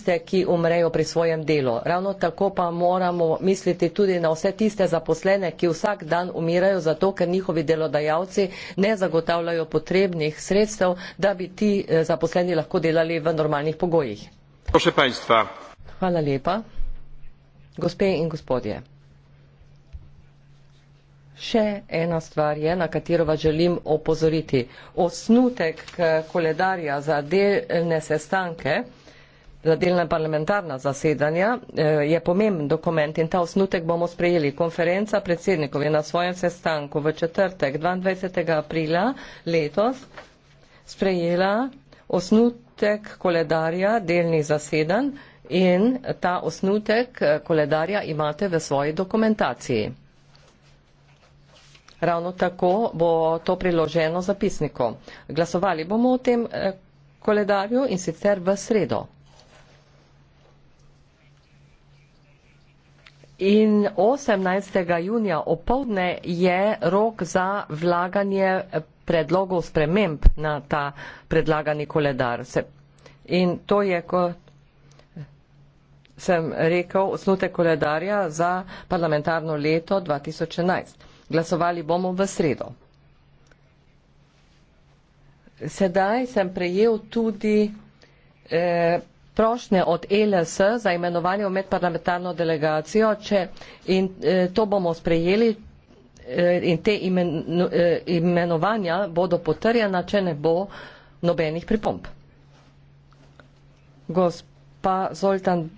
tiste, ki umrejo pri svojem delu. Ravno tako pa moramo misliti tudi na vse tiste zaposlene, ki vsak dan umirajo zato, ker njihovi delodajalci ne zagotavljajo potrebnih sredstev, da bi ti eh, zaposleni lahko delali v normalnih pogojih. Hvala lepa. Gospe in gospodje. Še ena stvar je, na katero vas želim opozoriti. Osnutek eh, koledarja za delne sestanke Eh, delna parlamentarna zasedanja eh, je pomemben dokument in ta osnutek bomo sprejeli. Konferenca predsednikov je na svojem sestanku v četrtek 22. aprila letos sprejela osnutek koledarja delnih zasedanj in ta osnutek eh, koledarja imate v svoji dokumentaciji. Ravno tako bo to priloženo zapisniku. Glasovali bomo o tem koledarju in sicer v sredo. In 18. junija opoldne je rok za vlaganje predlogov sprememb na ta predlagani koledar. In to je, kot sem rekel, osnutek koledarja za parlamentarno leto 2011. Glasovali bomo v sredo. Sedaj sem prejel tudi eh, prošnje od ELS za imenovanje v medparlamentarno delegacijo če, in eh, to bomo sprejeli eh, in te imen, eh, imenovanja bodo potrjena, če ne bo nobenih pripomp. Gospa Zoltan,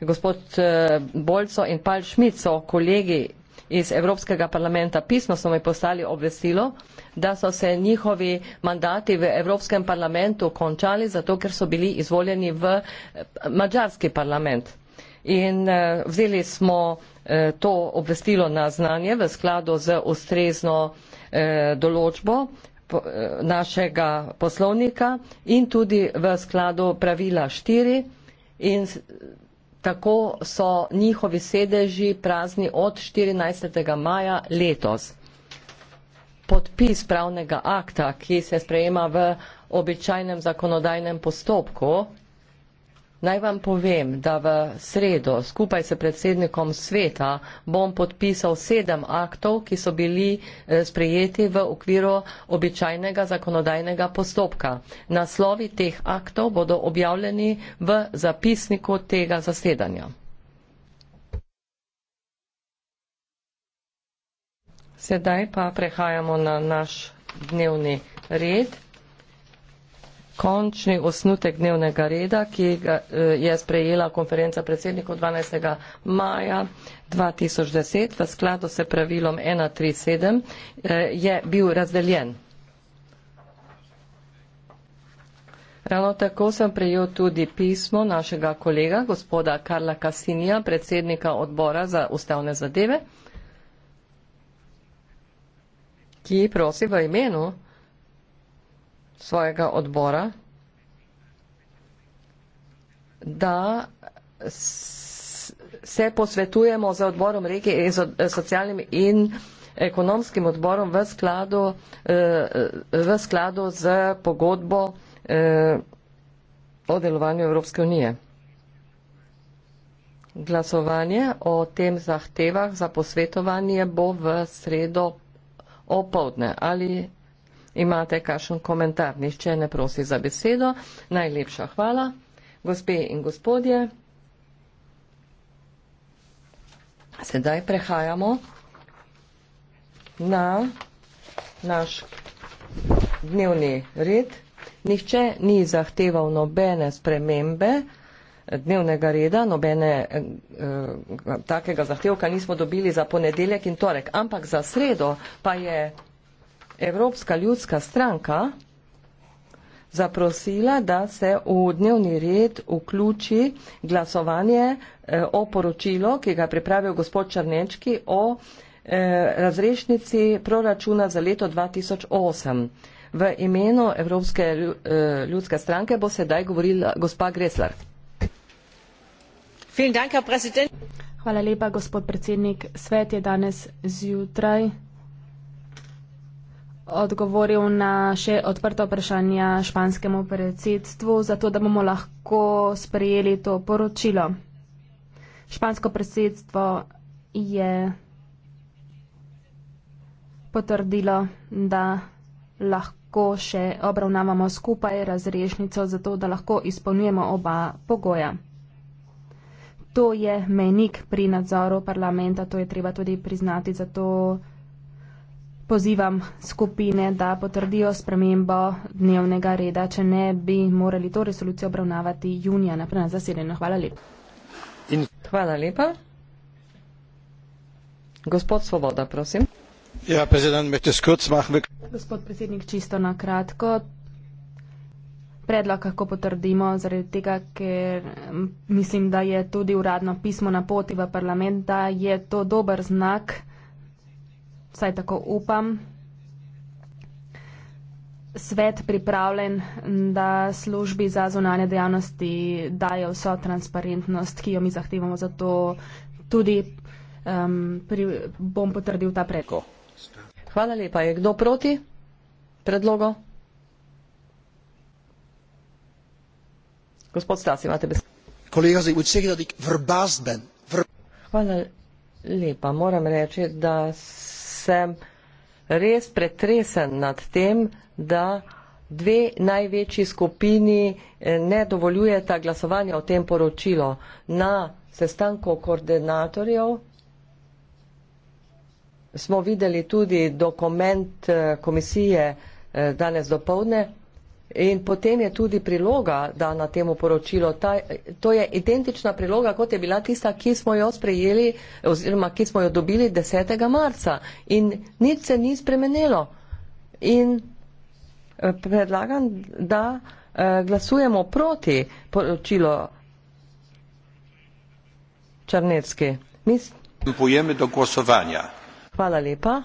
gospod eh, Bolco in Pal Šmico, kolegi iz Evropskega parlamenta pismo smo jim poslali obvestilo, da so se njihovi mandati v Evropskem parlamentu končali, zato ker so bili izvoljeni v eh, mađarski parlament. In eh, vzeli smo eh, to obvestilo na znanje v skladu z ustrezno določbo našega poslovnika in tudi v skladu pravila 4 in Tako so njihovi sedeži prazni od 14. maja letos. Podpis pravnega akta, ki se sprejema v običajnem zakonodajnem postopku, Naj vam povem, da v sredo skupaj s predsednikom sveta bom podpisal sedem aktov, ki so bili eh, sprejeti v okviru običajnega zakonodajnega postopka. Naslovi teh aktov bodo objavljeni v zapisniku tega zasedanja. Sedaj pa prehajamo na naš dnevni red končni osnutek dnevnega reda, ki ga eh, je sprejela konferenca predsednikov 12. maja 2010 v skladu s pravilom 137, eh, je bil razdeljen. Ravno tako sem prejel tudi pismo našega kolega, gospoda Karla Kasinija, predsednika odbora za ustavne zadeve, ki prosi v imenu svojega odbora, da se posvetujemo za odborom regije in eh, socialnim in ekonomskim odborom v skladu, eh, v skladu z pogodbo eh, o delovanju Evropske unije. Glasovanje o tem zahtevah za posvetovanje bo v sredo opovdne ali Imate kakšen komentar? Nihče ne prosi za besedo. Najlepša hvala. Gospe in gospodje, sedaj prehajamo na naš dnevni red. Nihče ni zahteval nobene spremembe dnevnega reda, nobene eh, takega zahtevka nismo dobili za ponedeljek in torek, ampak za sredo pa je Evropska ljudska stranka zaprosila, da se v dnevni red vključi glasovanje eh, o poročilo, ki ga je pripravil gospod Črnečki o eh, razrešnici proračuna za leto 2008. V imenu Evropske eh, ljudske stranke bo sedaj govorila gospa Gresler. Hvala lepa, gospod predsednik. Svet je danes zjutraj odgovoril na še odprto vprašanje španskemu predsedstvu, zato da bomo lahko sprejeli to poročilo. Špansko predsedstvo je potrdilo, da lahko še obravnavamo skupaj razrešnico, zato da lahko izpolnjujemo oba pogoja. To je menik pri nadzoru parlamenta, to je treba tudi priznati, zato pozivam skupine, da potrdijo spremembo dnevnega reda, če ne bi morali to resolucijo obravnavati junija naprej na zasedeno. Hvala lepa. In... Hvala lepa. Gospod Svoboda, prosim. Ja, Gospod predsednik, čisto na kratko. Predlog lahko potrdimo zaradi tega, ker mislim, da je tudi uradno pismo na poti v parlament, da je to dober znak vsaj tako upam, svet pripravljen, da službi za zunanje dejavnosti dajo vso transparentnost, ki jo mi zahtevamo. Zato tudi um, pri, bom potrdil ta predlog. Hvala lepa. Je kdo proti predlogu? Gospod Stas, imate besedo. Kolega, zdaj od vsega, da je verbazben. Hvala lepa. Moram reči, da sem res pretresen nad tem, da dve največji skupini eh, ne dovoljujeta glasovanja o tem poročilo na sestanku koordinatorjev. Smo videli tudi dokument eh, komisije eh, danes do povdne, In potem je tudi priloga, da na temu poročilo, ta, to je identična priloga, kot je bila tista, ki smo jo sprejeli oziroma ki smo jo dobili 10. marca. In nič se ni spremenilo. In eh, predlagam, da eh, glasujemo proti poročilo Črnecki. Mis... Hvala lepa.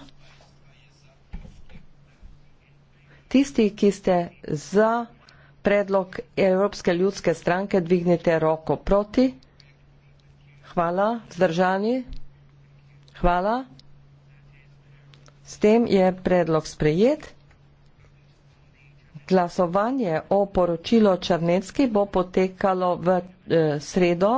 Tisti, ki ste za predlog Evropske ljudske stranke, dvignite roko proti. Hvala, zdržani. Hvala. S tem je predlog sprejet. Glasovanje o poročilo Črnecki bo potekalo v eh, sredo.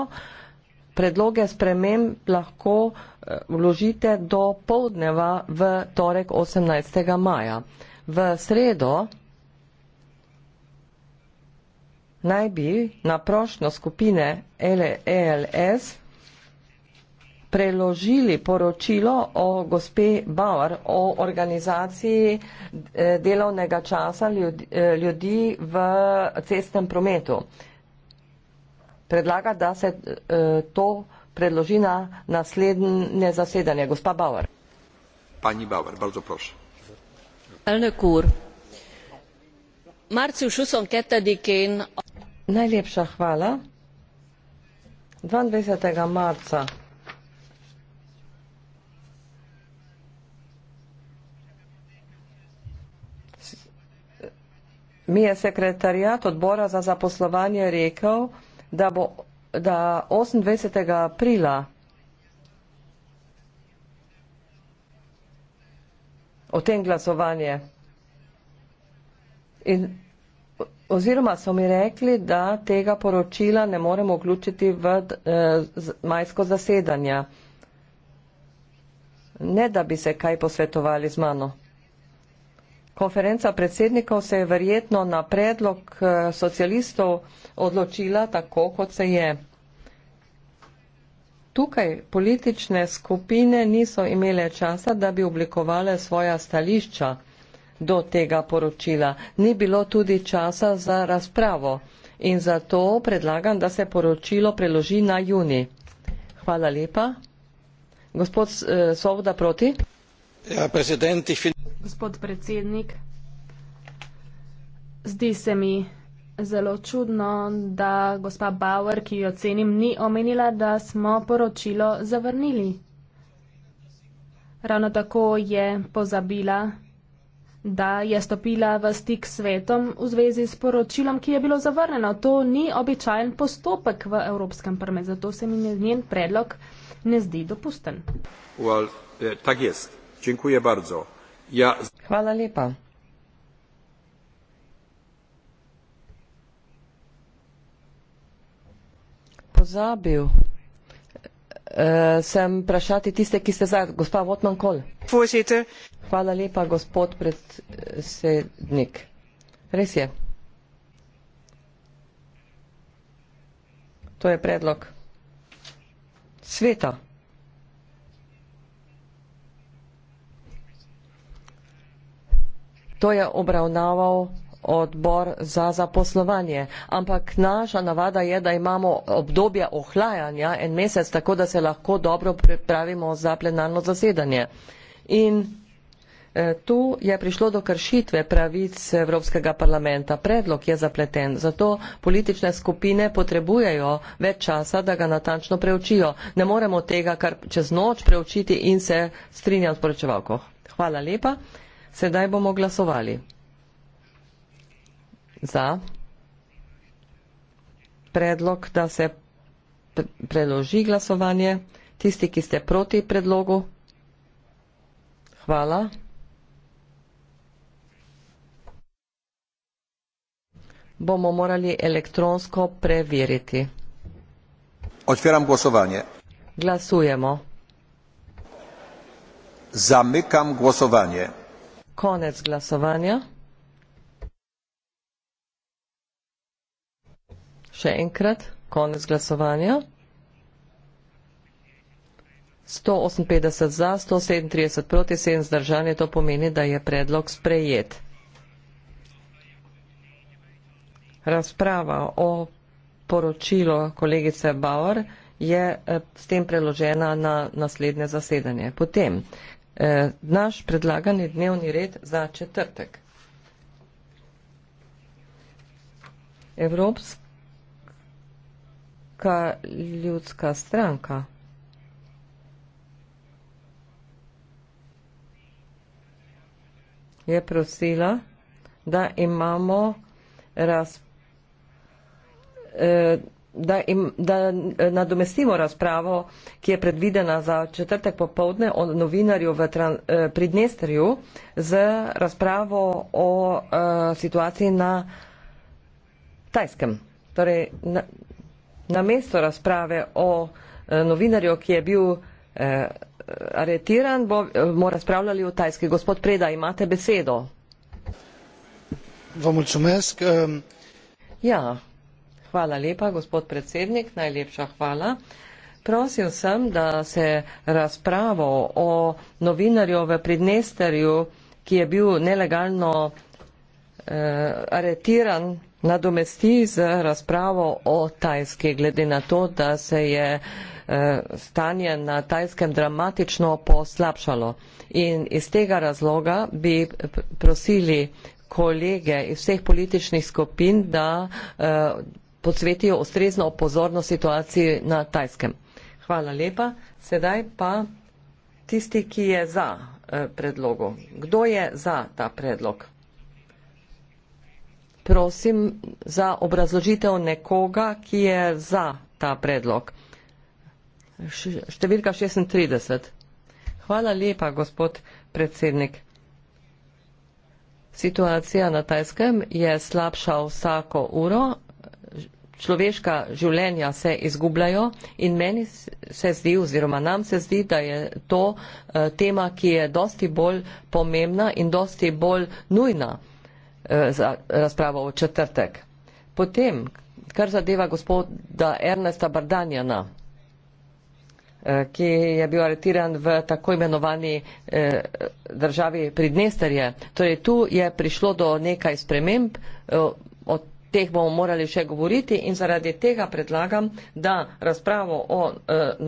Predloge sprememb lahko eh, vložite do povdneva v torek 18. maja v sredo naj bi na prošnjo skupine ELS preložili poročilo o gospe Bauer, o organizaciji eh, delovnega časa eh, ljudi v cestnem prometu. Predlaga, da se eh, to predloži na naslednje zasedanje. Gospa Bauer. Pani Bauer, bardzo proszę március twenty two én dvaindvajset marca mi je sekretariat odbora za zaposlovanje rekel da bo da osemindvajset aprila o tem glasovanje. In, oziroma so mi rekli, da tega poročila ne moremo vključiti v eh, majsko zasedanje. Ne, da bi se kaj posvetovali z mano. Konferenca predsednikov se je verjetno na predlog eh, socialistov odločila tako, kot se je. Tukaj politične skupine niso imele časa, da bi oblikovale svoja stališča do tega poročila. Ni bilo tudi časa za razpravo in zato predlagam, da se poročilo preloži na juni. Hvala lepa. Gospod eh, Sovda proti. Ja, predsednik. Gospod predsednik, zdi se mi, zelo čudno, da gospa Bauer, ki jo cenim, ni omenila, da smo poročilo zavrnili. Ravno tako je pozabila, da je stopila v stik s svetom v zvezi s poročilom, ki je bilo zavrnjeno. To ni običajen postopek v Evropskem parlamentu, zato se mi njen predlog ne zdi dopusten. Well, eh, tak jest. Ja. Hvala lepa. pozabil. Uh, sem vprašati tiste, ki ste za, gospa Votman Kol. Voziter. Hvala lepa, gospod predsednik. Res je. To je predlog sveta. To je obravnaval odbor za zaposlovanje. Ampak naša navada je, da imamo obdobja ohlajanja en mesec, tako da se lahko dobro pripravimo za plenarno zasedanje. In eh, Tu je prišlo do kršitve pravic Evropskega parlamenta. Predlog je zapleten, zato politične skupine potrebujejo več časa, da ga natančno preučijo. Ne moremo tega kar čez noč preučiti in se strinjam s poročevalko. Hvala lepa. Sedaj bomo glasovali za predlog, da se preloži glasovanje. Tisti, ki ste proti predlogu, hvala. Bomo morali elektronsko preveriti. Odpiram glasovanje. Glasujemo. Zamykam glasovanje. Konec glasovanja. Še enkrat, konec glasovanja. 158 za, 137 proti, 7 zdržanje, to pomeni, da je predlog sprejet. Razprava o poročilu kolegice Bauer je eh, s tem preložena na naslednje zasedanje. Potem, eh, naš predlagani dnevni red za četrtek. Evropska Ljudska, ljudska stranka. Je prosila, da imamo raz, eh, da, im, da eh, nadomestimo razpravo, ki je predvidena za četrtek popovdne o novinarju v tran, eh, pri Dnestrju z razpravo o uh, situaciji na Tajskem. Torej, na, namesto razprave o eh, novinarju, ki je bil eh, aretiran, eh, bomo razpravljali o tajski. Gospod Preda, imate besedo. Vam odsumesk. Ehm. Ja, hvala lepa, gospod predsednik, najlepša hvala. Prosil sem, da se razpravo o novinarju v Pridnesterju, ki je bil nelegalno eh, aretiran, nadomesti z razpravo o Tajski, glede na to, da se je eh, stanje na Tajskem dramatično poslabšalo. In iz tega razloga bi prosili kolege iz vseh političnih skupin, da eh, posvetijo ustrezno pozornost situaciji na Tajskem. Hvala lepa. Sedaj pa tisti, ki je za eh, predlogu. Kdo je za ta predlog? prosim za obrazložitev nekoga, ki je za ta predlog. Številka 36. Hvala lepa, gospod predsednik. Situacija na Tajskem je slabša vsako uro. Človeška življenja se izgubljajo in meni se zdi oziroma nam se zdi, da je to eh, tema, ki je dosti bolj pomembna in dosti bolj nujna. Eh, za razpravo v četrtek. Potem, kar zadeva gospoda Ernesta Bardanjana, eh, ki je bil aretiran v tako imenovani eh, državi Pridnesterje. Torej, tu je prišlo do nekaj sprememb, o teh bomo morali še govoriti in zaradi tega predlagam, da razpravo o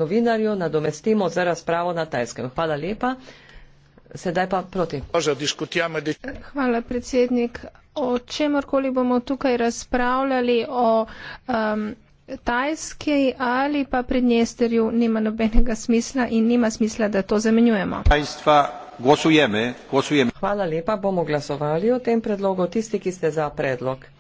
novinarju nadomestimo za razpravo na tajskem. Hvala lepa sedaj pa proti. Hvala, predsednik. O čemorkoli bomo tukaj razpravljali o um, Tajski ali pa Prednesterju, nima nobenega smisla in nima smisla, da to zamenjujemo. Tajstva. Glasujeme, glasujeme. Hvala lepa, bomo glasovali o tem predlogu, tisti, ki ste za predlog.